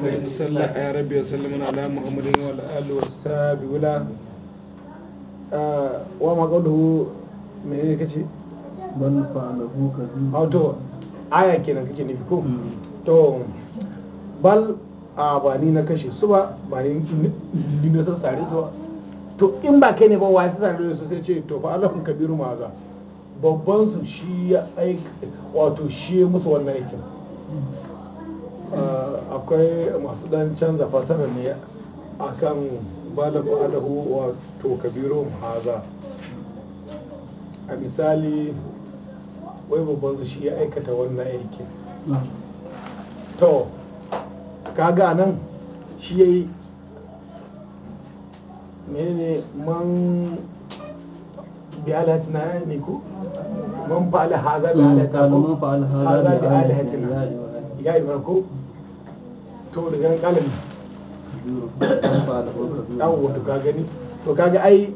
اللهم صل يا ربي وسلم على محمد وعلى اله وصحبه ولا وما قوله menene kace man fa'alahu kabir a ah, to aya kenan kake nufi ko mm. to bal a ba na kashe su ba ba ni ni na san sare su ba to in ba kai ne ba wa sai sare su ce to fa kabiru ma za babban su shi ya aiki wato shi musu wannan aikin mm. Eh, akwai masu dan canza fasara ne kan balabu alahu wa to kabiru haza a misali wai babban su shi ya aikata wannan aikin to kaga nan shi ya yi menene man biya alhatina ne mm, ko man fa'ala haza bi ku? ya yi barko to da yan kalami yawon wato ka gani to kaga ai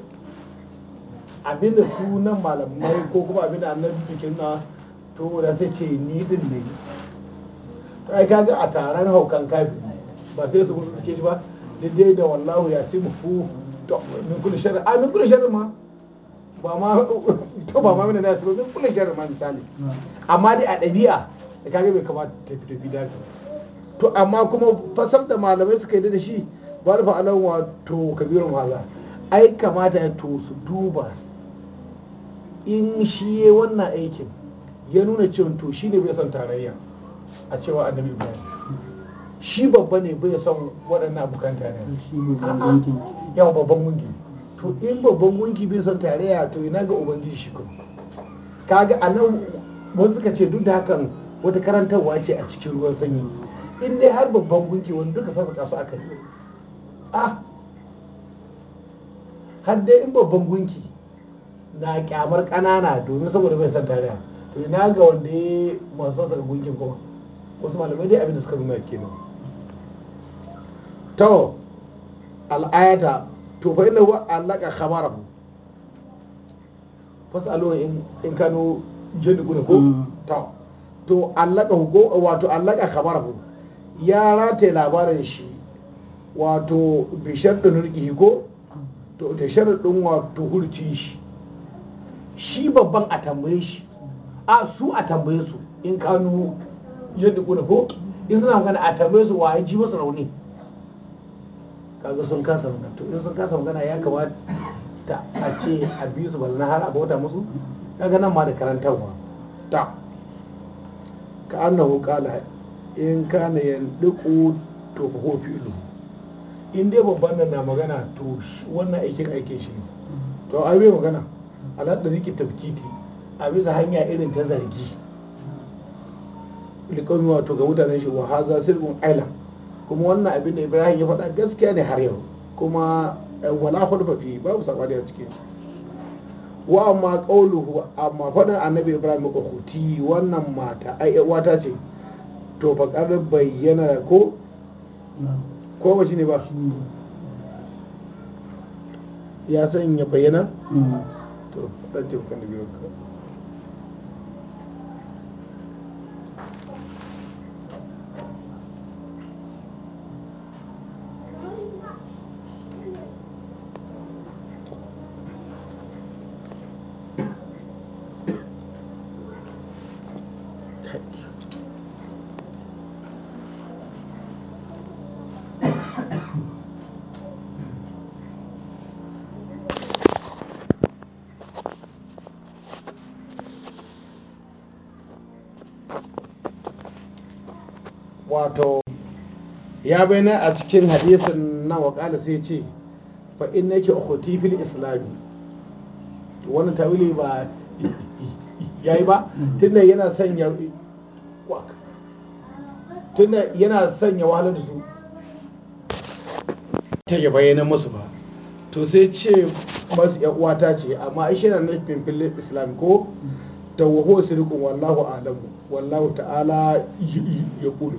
abinda sunan malamai ko kuma abinda annabi bikin na to da sai ce ni din ne to ai kaga a taron haukan kafi ba sai su suke shi ba daidai da wallahu ya simu fu to min kulli sharri a min kulli sharri ma ba ma to ba ma min nasu min kulli sharri ma misali amma dai a ɗabi'a da kage bai kamata tafi tafi da to amma kuma fasar da malamai suka yi da shi ba da fa'alan wato kabirin wahala ai kamata ya to su duba in shi ya wannan aikin ya nuna cewa to shi ne bai son tarayya a cewa annabi ibrahim shi babba ne bai son waɗannan abokan tarayya yawa babban gungi to in babban gungi bai son tarayya to ina ga ubangiji shi kuma kaga a nan wasu suka ce duk da hakan wata karantarwa ce a cikin ruwan sanyi in dai har babban gunki wani duka sassaƙa su aka yi ah har dai in babban gunki na kyamar kanana domin saboda bai san tariya to ina ga wanda ya masu sassaƙa gunkin kuma wasu malamai dai abinda suka nuna kenan to al'ayata to fa inna huwa allaka khabarahu fasalu in in kanu jin ko mm. ta to allaka hugo wato allaka kamar hu ya rataye labarin shi wato bishar da nurki ko to da sharaɗin wato hurcin shi shi babban a tambaye shi a su a tambaye su in kanu yadda kuna ko in suna magana a tambaye su waye ji masu rauni kaga sun kasa magana to in sun kasa magana ya kamata a ce a biyu su balna har a bauta musu kaga nan ma da karantarwa ta ka annahu qala in kana duku to ko fi'lu in dai babban nan na magana to wannan aikin aikin shi to ai bai magana ala dariki tabkiti a bisa hanya irin ta zargi likomi wato ga mutanen shi wa haza aila kuma wannan abin da Ibrahim ya faɗa gaskiya ne har yau kuma eh, wala hulfafi babu sabani a cikin wa amma kauluhu amma faɗin annabi ibrahim ukhti wannan mata ai wata ce to fa qad bayyana ko ko ba ne ba ya san ya bayyana to dan ce kan da biyo wato ya bayyana a cikin hadisin nan wakala sai ce fa in nake ukhuti fil islami wannan tawili ba yayi ba tunda yana sanya tunda yana sanya ya su ta ya bayyana musu ba to sai ce masu yan uwata ce amma ishe shi na nufin fil islam ko tawwahu sirqun wallahu a'lamu wallahu ta'ala ya kudu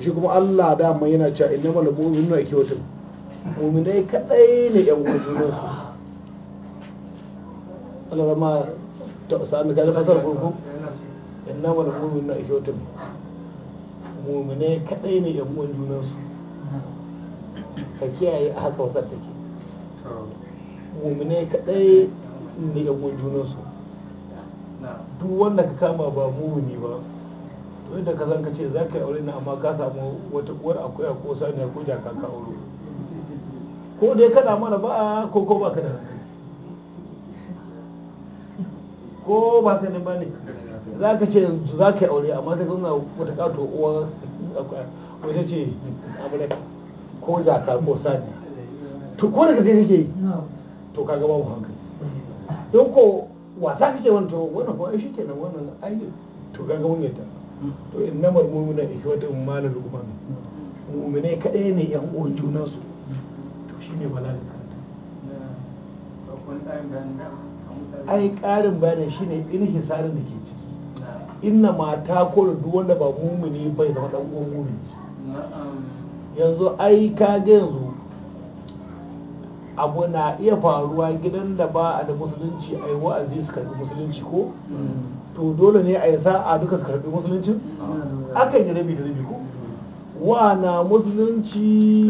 shi kuma Allah dama yana cewa mal mu'minuna ikhwatun mu'minai kadai ne yan uwan junansu Allah zama ta san ga kasar inna mal mu'minuna ikhwatun mu'minai kadai ne yan uwan junansu ka kiyaye a haka wasar take mu'minai kadai ne yan uwan junansu duk wanda ka kama ba mu'mini ba yadda ka zanka ce za ka yi aure na amma ka samu wata uwar akuya ko saniya ko jaka ka aure ko dai kada mana ba ko ko ba ka da ko ba ka ne ba ne za ka ce za ka yi aure amma ta zauna wata kato uwar akuya wata ce amurai ko jaka ko saniya to ko daga sai kake yi to kaga babu hankali don ko wasa kake wani to wannan ko ai shi kenan wannan ai to kaga mun yadda to innamar mu'mina ikhwatun malal umam mu'mine kadai ne yan uwan junan su to shine balal ai karin bayanin shine hisarin da ke ciki inna ma ta kore duk wanda ba mumini bai zama dan uwan mumini yanzu ai ka ga yanzu abu na iya faruwa gidan da ba a da musulunci ai wa'azi su karbi musulunci ko to dole ne a yasa a duka su karɓi musuluncin akan yi rabi da rabi ko wa na musulunci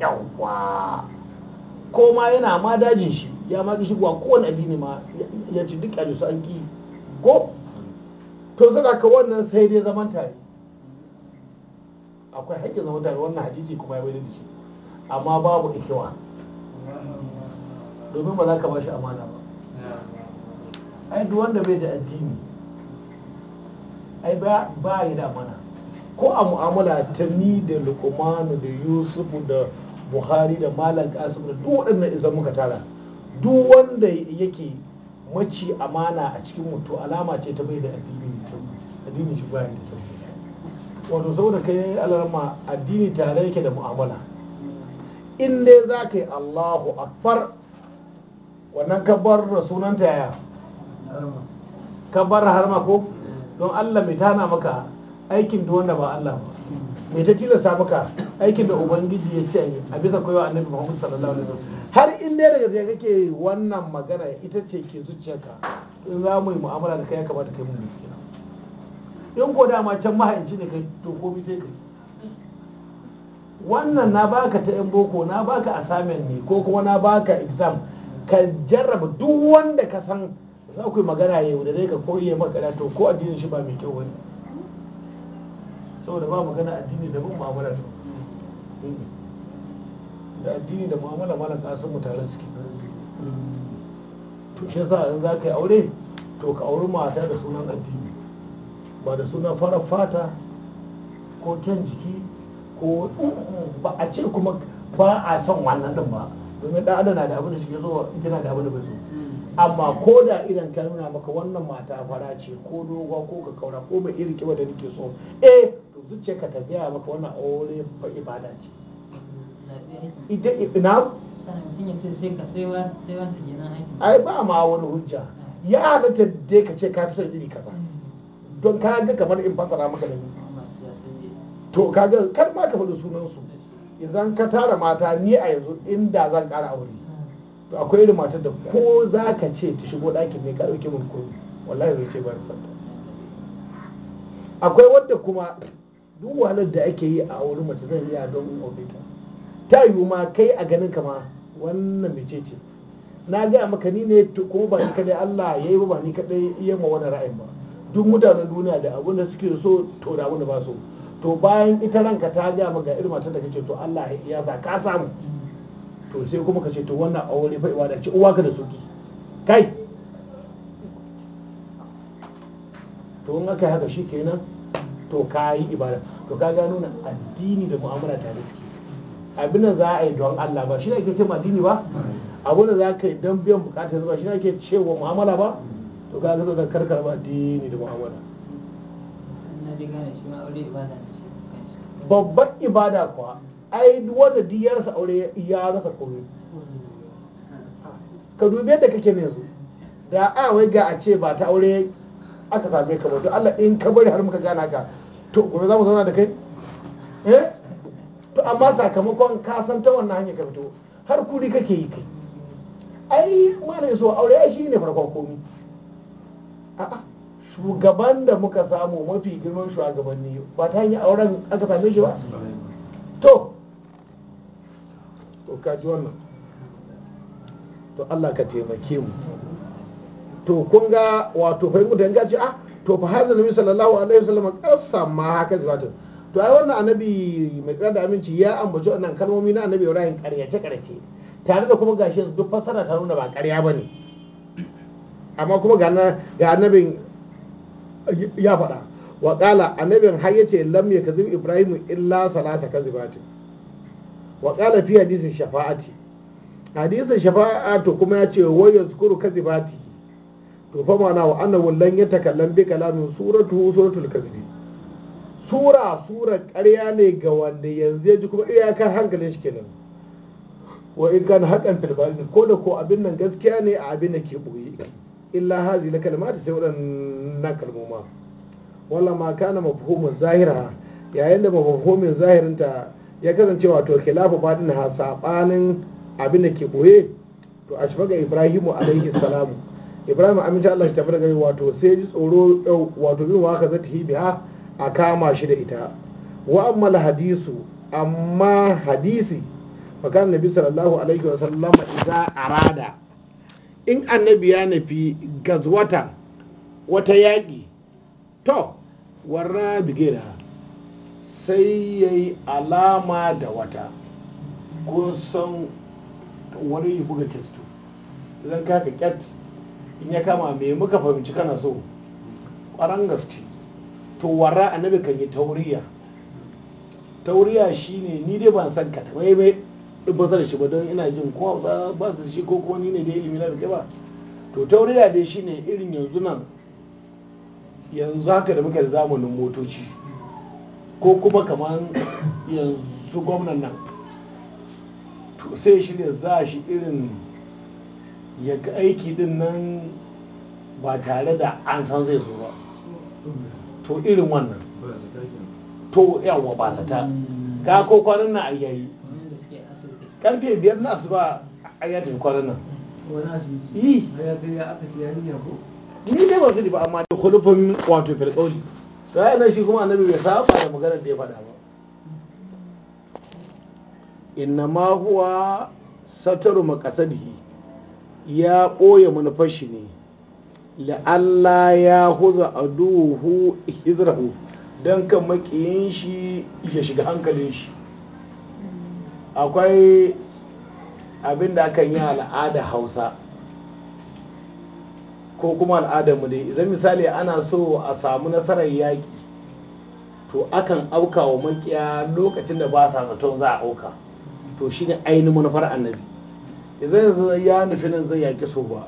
yawwa ko ma yana ma dajin shi ya ma shi wa kowane addini ma ya ci duk su an ki ko to saka ka wannan sai dai zaman tare akwai haƙƙin zaman tare wannan hadisi kuma ya bayyana shi amma babu ikiwa domin ba za ka ba shi amana ba ai duk wanda bai da addini ai ba ba da mana ko a mu'amala ta ni da lukumanu da yusuf da buhari da malam kasim da duk waɗannan idan muka tara duk wanda yake maci amana a cikin mutu alama ce ta bai da addini addini shi ba da kyau wato saboda kai alarma addini tare yake da mu'amala in dai za ka yi allahu akbar wannan kabar sunanta yaya ka bar harma ko don Allah mai tana maka aikin da wanda ba Allah ba mai ta tilasta maka aikin da ubangiji ya ce a bisa koyo annabi Muhammad sallallahu alaihi wasallam har in dai daga zai kake wannan magana ita ce ke zuciyarka in za mu yi mu'amala da kai ya kamata kai mun gaskiya in ko dama can mahaici ne kai to bi sai kai wannan na baka ta yan boko na baka assignment ne ko kuma na baka exam ka jarraba duk wanda ka san za ku yi magana ya yaudare ka ko ya makara to ko addinin shi ba mai kyau wani saboda ba magana addini da bin mu'amala to da addini da mamala malam ka mu tare suke to shi yasa in za ka yi aure to ka auri mata da sunan addini ba da sunan farar fata ko kyan jiki ko ba a ce kuma ba a son wannan din ba domin ɗan adana na da abin da shi ke zo gina da abin da bai zo. amma ko da idan ka nuna maka wannan mata fara ce ko dogon ko ka kaura ko mai irin kewa da nake so eh to zuciya ka tafiya maka wannan aure fa ibada ce ita ina ai ba ma wani hujja ah. ya ta dai ka ce ka fi son iri kaza hmm. don ka ga kamar in fasara maka da ni to ga kar ma ka faɗi sunan su idan ka tara mata ni a yanzu inda zan ƙara aure akwai irin matar da ko za ka ce ta shigo ɗakin ne ka ɗauke min komi wallahi zai ce bayan santa akwai wadda kuma duk wahalar da ake yi a wurin mace zan iya don in aure ta ta yiwu ma kai a ganin kama wannan mace ce na gaya maka ni ne kuma ba ni kadai Allah ya yi ba ni kadai iya ma wani ra'ayin ba duk mutanen duniya da abin da suke so to da abin da ba so to bayan ita ranka ta gaya maka irin matar da kake to Allah ya sa ka samu to sai kuma ka ce to wannan aure fa ibada ce uwa ka da suki kai to in aka yi haka shi kenan to ka yi ibada to ka gano nan addini da mu'amala ta da suke abin da za a yi don Allah ba shi ne ake ce addini ba abin da za ka yi don biyan bukatar ba shi ne ake ce wa mu'amala ba to ka zo da karkar ba addini da mu'amala babbar ibada kuwa ai wanda duk ya rasa aure ya rasa komai ka dubi yadda kake ne yanzu da a wai ga a ce ba ta aure aka same ka ba to Allah in ka bari har muka gana ka to gobe za mu zauna da kai eh? to amma sakamakon ka san ta wannan hanyar ka har kuri kake yi kai ai malai so aure ai shi ne farkon komi a'a shugaban da muka samu mafi girman shugabanni ba ta hanyar auren aka same shi ba kaji wannan to Allah ka taimake mu to kun ga wato fa mutan ce ah to fa hazin nabi sallallahu alaihi wasallam ma haka zifatin to ai wannan annabi mai tsada da aminci ya ambaci wannan kalmomi na annabi Ibrahim karyace karyace tare da kuma gashi duk fasara ta nuna ba karya bane amma kuma ga ga annabin ya faɗa wa kala annabin har yace lam yakzib ibrahimu illa salasa kazibatin wa fi hadisin shafa'ati hadisin shafa'a to kuma ya ce wa yazkuru kadhibati to fa ma'ana wa annahu lan yatakallam bi kalamin suratu suratul kadhibi sura sura ƙarya ne ga wanda yanzu ya ji kuma iyakar hankalin shi kenan wa in kana haƙan filbarin ko da ko abin nan gaskiya ne a abin da ke ɓoye illa hazi na kalmata sai waɗannan kalmoma wala ma kana mafuhumin zahira yayin da mafhumin zahirinta ya kasance wato khilafu fadin ha sabanin abin da ke boye to a ga ibrahimu alaihi salamu ibrahim amin sha Allah shi tafi daga wato sai ji tsoro wato bin waka za ta biya a kama shi da ita wa ammal hadisu amma hadisi fakan nabi sallallahu alaihi wa sallam idza arada in annabi ya nafi gazwatan wata yaƙi to warra bigera sai ya yi alama da wata kun san wani yi buga testo idan ka ka kyat in ya kama me muka fahimci kana so ƙwaran gaske to wara annabi kan yi tauriya tauriya shine ni dai ban san ka tabai bai shi ba don ina jin ko hausa ba su shi ko kuma ni ne da ilimi na kai ba to tauriya dai shine irin yanzu nan yanzu haka da muka da zamanin motoci ko kuma kamar yanzu gwamnan nan to sai shirya za shi irin ya ga aiki din nan ba tare da an san zai zo ba to irin wannan to yawon ba ta, ga ko kwanan nan ayyayi karfe biyar na su ba a yi tafi kwanan nan yi ni dai ba zuri ba amma da kulufin wato firkauli ya nan shi kuma annabi bai saba da maganar da ya faɗa ba inna ma huwa sataru maqasadihi ya ɓoye manufar shi ne la'alla ya huza aduhu hizrahu don kan makiyin shi ya shiga hankalin shi akwai abin da akan yi al'ada hausa ko kuma al'adarmu dai idan misali ana so a samu nasarar yaƙi to akan auka wa makiya lokacin da ba sa zaton za a auka to shi ne ainihin manufar annabi idan ya nufi nan zai yaƙi so ba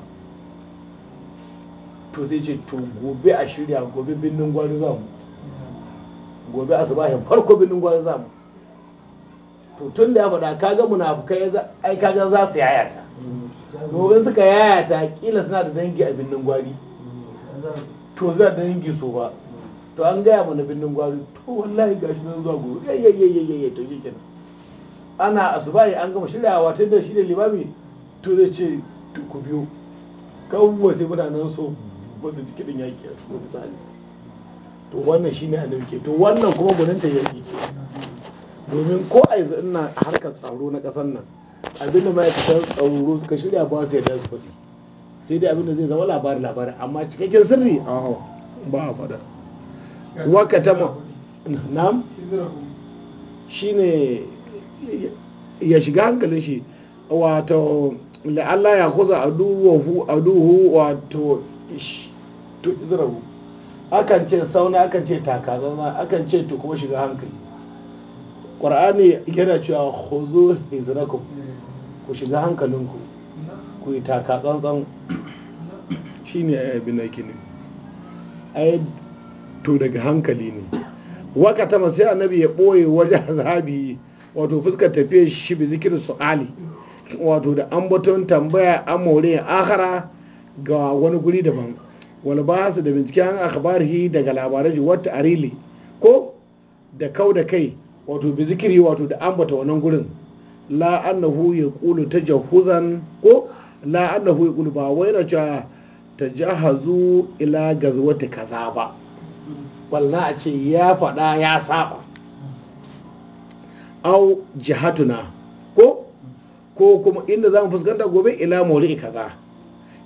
to sai ce to gobe a shirya gobe birnin gwari za mu gobe a subahin farko birnin gwari za mu to tun da ya faɗa kaga munafukai ai kaga za su yayata gobe suka yaya ta kila suna da dangi a binnin gwari to suna da dangi so ba to an gaya mana binnin gwari to wallahi gashi nan zuwa gobe yayyayyayyayya to yake kenan ana asubahi an gama shiryawa ta da shi da limami to zai ce ku biyo kawo sai mutanen so ba su ji kiɗin yaƙi a cikin misali to wannan shine a ke to wannan kuma gwaninta yaƙi ce domin ko a yanzu ina harkar tsaro na ƙasar nan abinda ma'aikatan tsaro suka shirya ba su yadda su fasi sai dai abinda zai zama labarin labarin amma cikakken sirri ba a faɗa waka ta ma. nam ne ya shiga hankalin shi wato la'alla ya kuza a duhu wato to izirahu akan ce sauna akan ce takazana akan ce to kuma shiga hankali ƙwar'ani yana cewa hozo hizrakum ku shiga hankalinku ku yi taka tsantsan shi ne ai yabi na kini a ai to daga hankali ne waka ta sai annabi ya ɓoye wajen zabi wato fuskar tafiyar shi bi su Ali, wato da ambaton tambaya amore akara ga wani guri daban ba su da binciken akhbarihi daga labarai wata arili ko da kau da kai wato bi zikiri wato da ambata wannan gurin la annahu ta jahuzan? ko la annahu kulu ba wai na cewa jahazu ila ta kaza ba walla a ce ya faɗa ya saba au jihatuna ko ko kuma inda za mu fuskanta gobe ila mawli'i kaza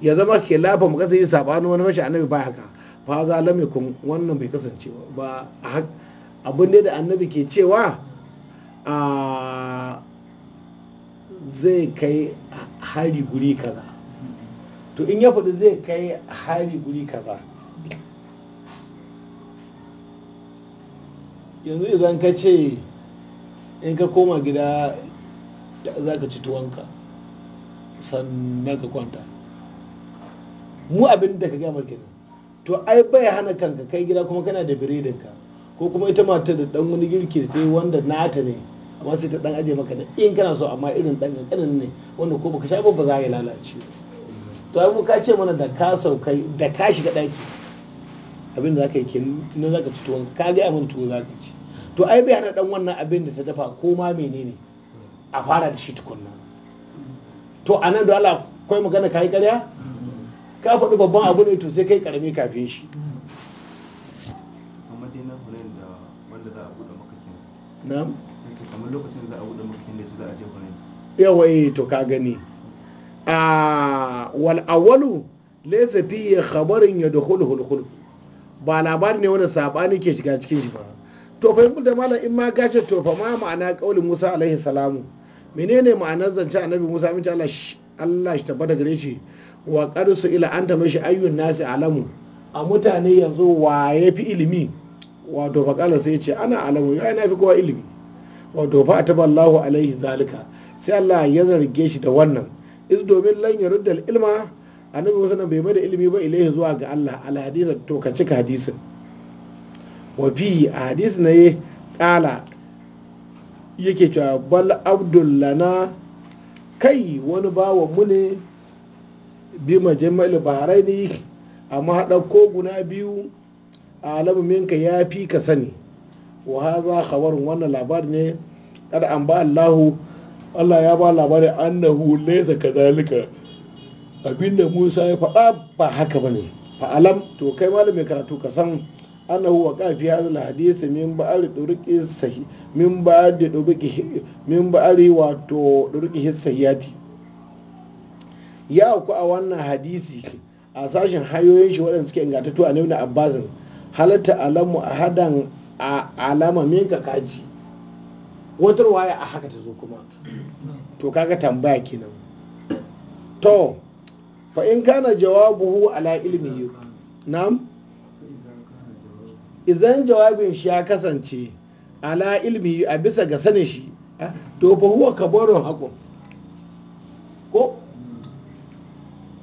ya zama ke lafa mu kasance sabanin wani mashi annabi ba haka fa za lam yakun wannan bai kasance ba abin da annabi ke cewa a zai kai hari guri kaza to in ya faɗi zai kai hari guri kaza yanzu idan ka ce in ka koma gida za ka ci tuwonka sannan ka kwanta mu abin da ka gama kenan to ai bai hana kanka kai gida kuma kana da biredinka ko kuma ita mata da dan wani girki da ta yi wanda nata ne amma sai ta dan aje maka da in kana so amma irin dan kankanin ne wanda ko baka shafa ba za ya lalace to ai mu ka ce mana da ka saukai da ka shiga daki abin da zaka yi ke nan zaka ci tuwon ka ga amin tuwo zaka ci to ai bai hada dan wannan abin da ta dafa ko ma menene a fara da shi tukunna to anan da Allah akwai magana kai kariya ka faɗi babban abu ne to sai kai karami kafin shi na'am kamar lokacin da za a buɗe za a yawai eh, to ka gani a wal awwalu laysa ya khabarin ya al-khulq ba labari ne wani sabani ke shiga cikin shi ba to fa da malam in ma gace to fa ma ma'ana kaulin Musa alaihi salamu menene ma'anar zance annabi Musa min Allah Allah shi tabbata gare shi wa qarsu ila anta mashi ayyun nasi alamu a mutane yanzu wa ya fi ilimi wato faƙalar sai ce ana alamu ya na fi kowa ilimi wato fa allahu alaihi zalika sai Allah ya zarge shi da wannan iz domin lan yarudda ilma annabi nan bai da ilimi ba ilaihi zuwa ga Allah al hadith to ka cika hadisin wa fi hadis ne kala yake cewa bal abdullana kai wani bawa mu ne bi majamal bahraini amma hada ko guna biyu alamu minka ya fi ka sani wa haza khabarun wannan labarin ne kada an ba Allahu Allah ya ba labarin annahu laysa kadhalika abinda Musa ya faɗa ba haka bane fa alam to kai malamin karatu ka san annahu wa qafi hadha hadith min ba'ari durqi sahi min ba'di durqi min ba'ari wato sahiyati ya ku a wannan hadisi a sashen hayoyin shi waɗanda suke ingantattu a nuna abbasin halatta alamu a hadan a alama minka kaji wadar waya a haka ta zo kuma to kaga tambaya kenan to fa in kana jawabuhu ala ilmihi nam idan jawabin shi ya kasance ala ilmihi a bisa ga sanin shi eh, to fa huwa kabarun hakun ko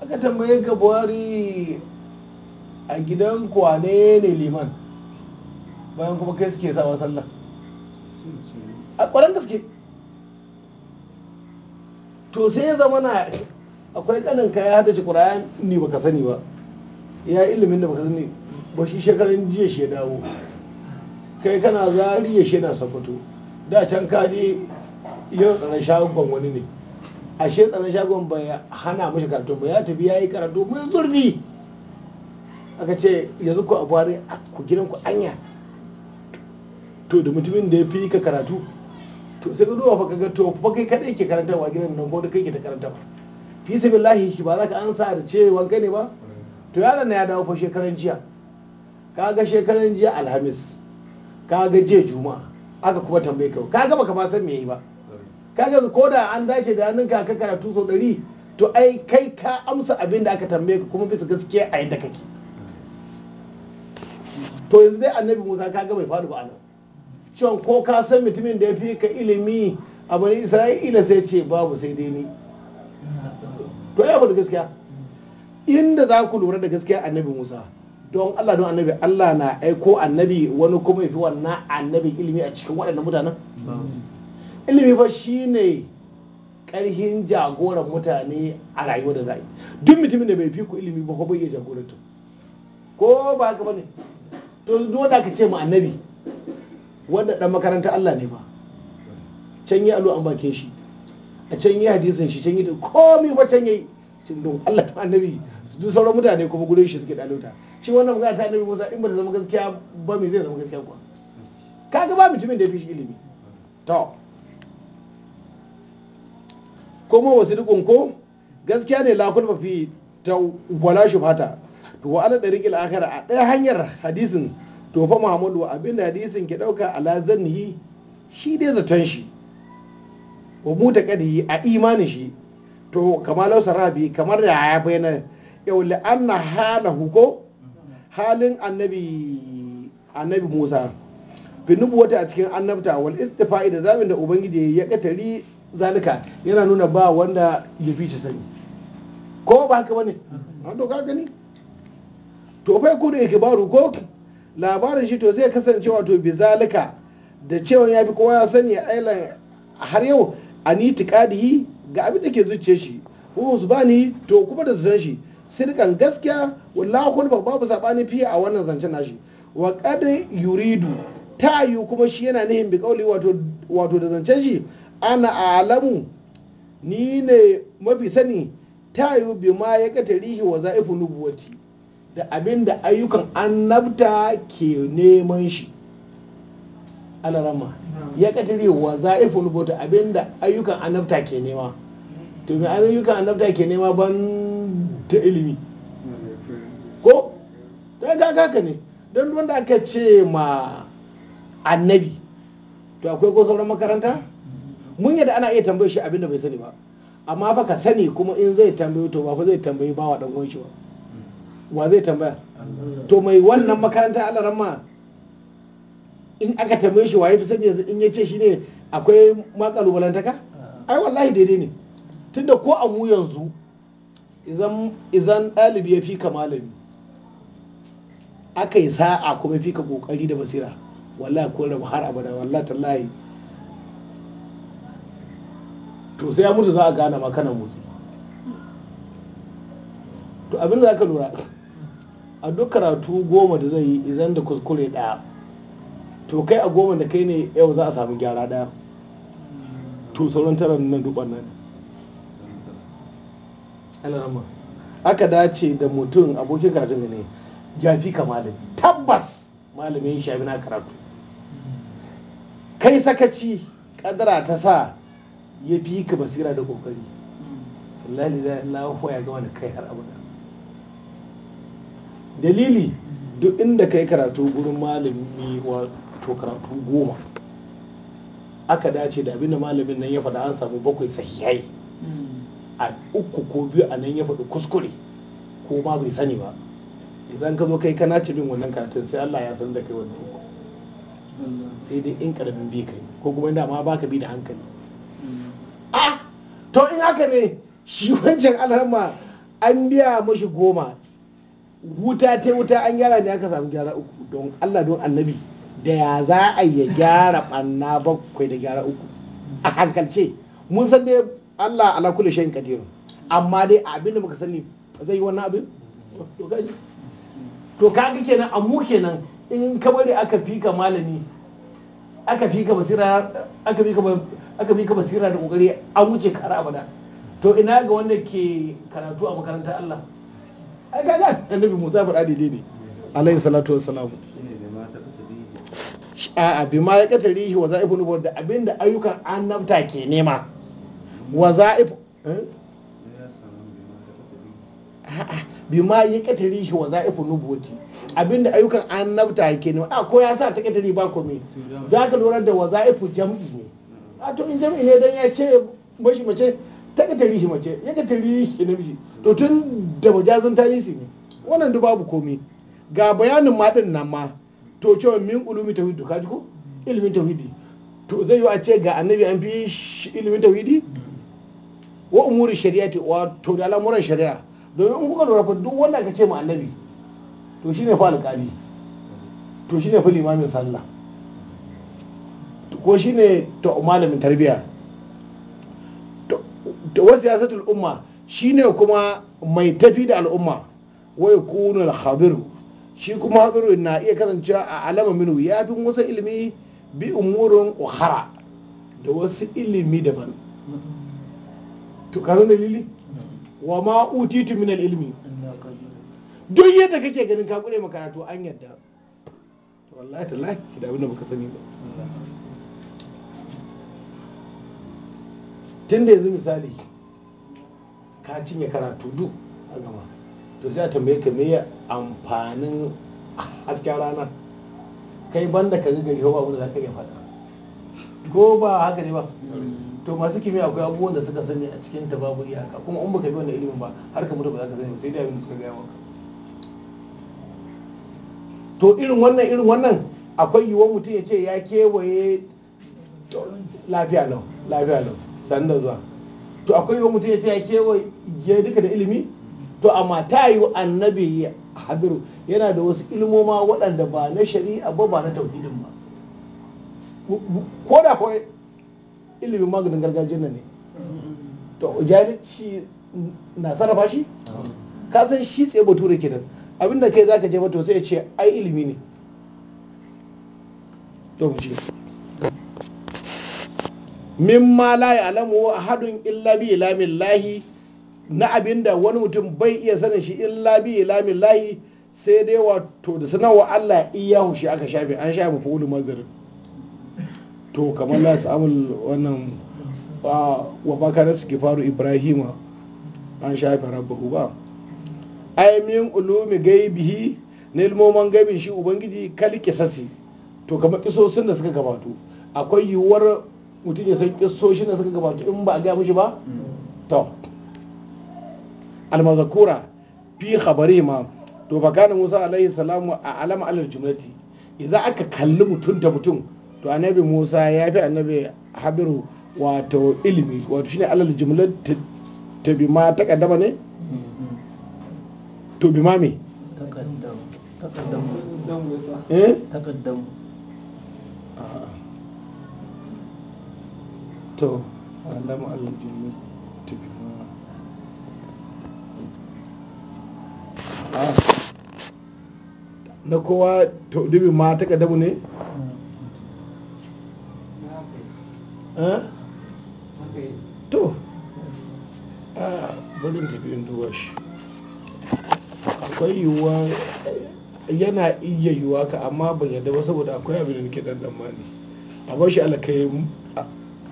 aka tambaye ka buhari a gidan kwane ne liman bayan kuma kai suke sawa sallah a ƙwarar gaske to sai ya zama na akwai kanin ka ya ne ba baka sani ba ya ilimin da baka sani ba shi shekarun jiya shi ya dawo kai kana zariya shi na sakwato da can ka je yau tsaron shagon wani ne a shi tsaron shagon ba ya hana mashi karatu ba ya tafi ya yi karatu mai zurni aka ce yanzu ku a buhari ku gidan ku anya to da mutumin da ya fi ka karatu to sai ka duba fa kaga to fa kai kadai ke wa gidan nan ko da kai ke ta karantarwa fi sabilillahi shi ba za ka ansa da cewa kai ne ba to yaron na ya dawo fa shekaran jiya Ka ga shekaran jiya alhamis Ka ga jiya juma'a aka kuma tambaye ka Ka kaga baka ba san me yi ba Ka ga ko da an dace da hannunka ka karatu sau ɗari to ai kai ka amsa abin da aka tambaye ka kuma bisa gaskiya a yadda kake to yanzu dai annabi musa ka ga bai faɗi ba a nan. cewa ko ka san mutumin da ya fi ka ilimi a bani isra'ila sai ce babu sai dai ni to ya da gaskiya inda za ku lura da gaskiya annabi musa don allah don annabi allah na aiko annabi wani kuma fi wannan annabi ilimi a cikin waɗannan mutanen ilimi fa ne ƙarhin jagoran mutane a rayuwa da za yi duk mutumin da bai fi ku ilimi ba ko bai iya ko ba haka ba ne to ce mu annabi wanda dan makaranta Allah ne ba can yi allo an bake shi a can yi hadisin shi can yi da komi ba can yi don Allah ta annabi duk sauran mutane kuma gudun shi suke dalota shi wannan magana ta annabi Musa in ba ta zama gaskiya ba me zai zama gaskiya kuwa kaga ba mutumin da ya fi shi ilimi to kuma wasu dukun ko gaskiya ne lakul kulfa fi ta wala shubhata to wa ala dariqil akhir a ɗaya hanyar hadisin Tofa Muhammadu abin da hadisin ke dauka ala zannihi shi dai zaton shi wa mu kadi a imanin shi to kamar rabi kamar da ya bayyana yau la'anna hala ko halin annabi annabi Musa fi nubuwata a cikin annabta wal istifa'i da zamin da ubangiji ya katari zalika yana nuna ba wanda ya fi shi sani ko ba haka bane an doka gani to fa ke ba ko labarin shi to zai kasance wato bizalika da cewa ya fi kowa ya sani ailan har yau ani tiqadihi ga abin da ke zuciya shi su bani to kuma da zan shi sirkan gaskiya wallahu ba babu sabani fiye a wannan zancen nashi wa qad yuridu ta yi kuma shi yana nihin bi kauli wato wato da zancen shi ana alamu ni ne mafi sani ta yi bi ma ya katarihi wa za'ifu nubuwati da abin da ayyukan annabta ke neman shi alarama ya katare wa za'iful bota abin da ayyukan annabta ke nema to me ayyukan annabta ke nema ban ta ilimi ko ta gaga ka ne don wanda aka ce ma annabi to akwai ko sauran makaranta mun yadda ana iya tambayi shi abin da bai sani ba amma fa ka sani kuma in zai tambayi to ba fa zai tambayi ba wa dan ba wa zai tambaya to mai wannan makaranta alaran ma in aka tambaye shi waye fi sani yanzu in ya ce shi ne akwai makalubalantaka ai wallahi daidai ne tunda ko a mu yanzu izan ɗalibi ya fi ka malami aka yi sa'a kuma fi ka kokari da basira wallahi ko rabu har abada wallahi tallahi to sai ya mutu za a gane ma kana mutu to abin da za ka lura a duk karatu goma da zai yi idan da kuskure ɗaya to kai a goma da kai ne yau za a samu gyara ɗaya to sauran tara nan duk nan aka dace da mutum abokin karatun da ne jafi ka malami tabbas malamin shafi na karatu kai sakaci kadara ta sa ya fi ka basira da kokari lalila la ya ga wani kai har abada dalili duk inda ka yi karatu gurin malami wato karatu goma aka dace da abinda malamin nan ya faɗa an samu bakwai sahihai a uku ko biyu a nan ya faɗi kuskure ko ma bai sani ba idan ka zo kai kana ci bin wannan karatun sai Allah ya san da kai wannan uku sai dai in karamin bi kai ko kuma inda ma baka bi da hankali ah to in haka ne shi wancan alhamma an biya mashi goma wuta ta wuta an gyara ne aka samu gyara uku don Allah don annabi da ya za a ya gyara banna bakwai da gyara uku a hankalce mun san dai Allah ala kulli shay'in qadir amma dai abin da muka sani zai yi wannan abin to kaga kenan a mu kenan in ka bari aka fika malami aka fika basira aka fika aka fika basira da kokari an wuce kara abada to ina ga wanda ke karatu a makarantar Allah ai kaga annabi Musa faɗa daidai ne alaihi salatu wassalam a'a bi ma ya katarihi wa za'ifu nubuwar da abinda ayyukan annabta ke nema wa za'ifu eh? bi ma ya katarihi wa za'ifu nubuwati abinda ayyukan annabta ke nema a ko ya sa ta katari ba komai za ka lura da wa za'ifu jam'i ne a to in jam'i ne dan ya ce mashi mace ta ka tarihi mace ya ka tarihi namiji to tun da majazin tarihi ne wannan da babu komi ga bayanin ma din nan ma to cewa min ulumi ta hudu kaji ko ilimin tauhidi to zai yi a ce ga annabi an fi ilimin tauhidi wa umuri shari'ati wa to da al'amuran shari'a domin in kuka lura duk wanda aka ce mu annabi to shine fa alƙali to shine fa limamin sallah ko shine to malamin tarbiyya wa siyasatul umma shine kuma mai tafi da al'umma wai kunul khadiru shi kuma hadiru na iya kasancewa a alama minu ya fi wasu ilimi bi umurin ukhara da wasu ilimi daban to kasan dalili wa ma utitu min ilmi duk yadda kake ganin ka kure makaratu an yadda wallahi tallahi da abin da baka sani ba tun da yanzu misali ka cinye karatu du a gama to sai a tambaye ka me amfanin hasken rana kai ban da ka gari ba abin da za ka iya faɗa ko ba haka ne ba to masu kimiyya akwai abubuwan da suka sani a cikin ta babu iyaka kuma in baka bi wannan ilimin ba har ka mutu ba za ka sani ba sai dai abin da suka gaya maka to irin wannan irin wannan akwai yiwuwar mutum ya ce ya kewaye lafiya lau lafiya lau sani da zuwa to akwai wa mutum ya ce ya ya duka da ilimi to amma ta yi annabi habiru yana da wasu ilmoma waɗanda ba na shari'a ba ba na tauhidin ba ko da kawai ilimin maganin gargajiyar nan ne to jahilci na sarrafa shi ka san shi tsaye bature kenan abinda kai ka je ba to sai ya ce ai ilimi ne to mu mimma la ya'lamu ahadun illa bi ilamillahi na abin da wani mutum bai iya sanin shi illa bi ilamillahi sai dai wato da sanarwa Allah iyahu shi aka shafe an shafe fa'ulu mazarin to kamar la samu wannan wa bakarar su faru ibrahima an shafe rabbahu ba ai min ulumi gaibihi na ilmoman gaibin shi ubangiji kali kisasi to kamar kisosin da suka gabato akwai yiwuwar mutum ya san shi da suka gabata in ba a gaya mishi ba to almazakura fi khabari ma to ba kana Musa alaihi salamu a alama alal jumlati idan aka kalli mutum da mutum to annabi Musa ya fi annabi Habiru wato ilimi wato shine alal jumlati ta bi ma takaddama ne to bi ma me takaddamu. takaddama eh takaddama ah. to alam aljini tafi na kowa to dubi ma ta ne eh? to a tafi shi akwai yiwuwa yana iya yiwuwa ka amma ban yadda ba saboda akwai abin da nake dan a bashi alakai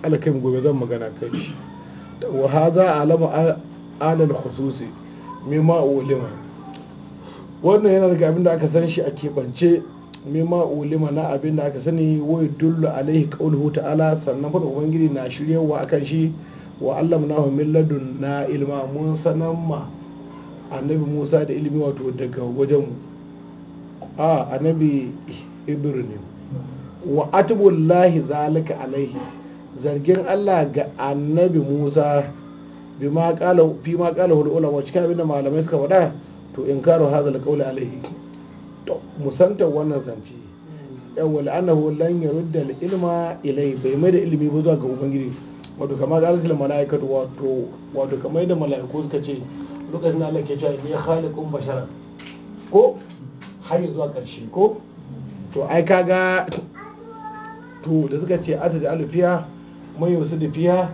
alkai gobe zan magana kai shi wa a alama alal khususi mimma ulima wannan yana daga abin da aka san shi a kebance mimma ulima na abin da aka sani wai dullu alaihi qauluhu ta'ala sannan fada ubangiji na shiryawa akan shi wa allamnahu min na ilma mun sanan ma annabi Musa da ilimi wato daga wajen mu a annabi Ibrahim wa atbullahi zalika alaihi zargin Allah ga annabi Musa fi ma kala hudu ulama cikin abinda malamai suka faɗa to in karo hazal kaula alaihi to musanta wannan zance yawwa la'annahu lan yarudda ilma ilai bai mai da ilimi ba zuwa ga ubangiji wato kamar da alkal mala'ikatu wato wato kamar da mala'iku suka ce lokacin Allah ke cewa ya khaliqun bashara ko har zuwa ƙarshe ko to ai kaga to da suka ce ata da alufiya fiya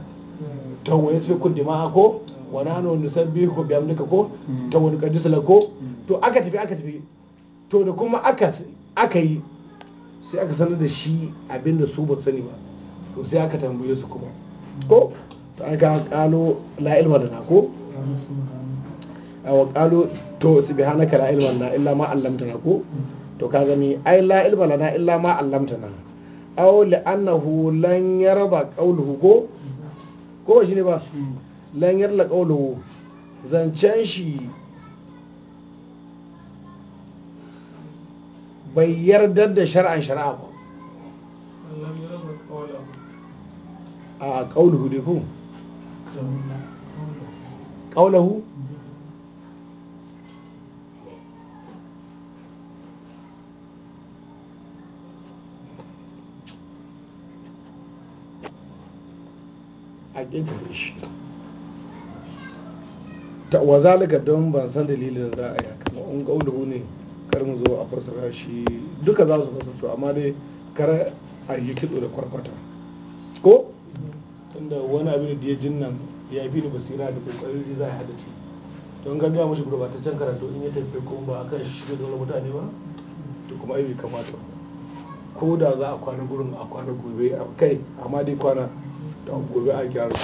ta waye su fi kuddima ko wani nanu nusabbihu bi amrika ko tawon qadisla ko to aka tafi aka tafi to da kuma aka yi sai aka sanar da shi abinda su ba sani ba to sai aka tambaye su kuma ko to aka kalo la da na ko wa kalo to su hana ka ilma na illa ma allamtana ko to ka gani ai la na illa ma allamtana aw li'annahu lan yarda qawluhu ko ko ba ne ba lan yarda qawluhu zancen shi bai yarda da shar'an shari'a ba a qawluhu dai ko qawluhu haƙe da shi ta wa zalika don ban san dalilin za a yi haka ba in ne kar mu zo a fassara shi duka za su fassarto amma dai kar a yi kitso da kwarkwata ko tunda wani abin da ya jin nan ya fi ni basira da kokarin za a yi ce don gaggaya mashi gurbataccen karatu in ya tafi ko ba a kan shi shiga da wani mutane ba to kuma ai bai kamata ko da za a kwana gurin a kwana gobe a kai amma dai kwana don gobe a gyara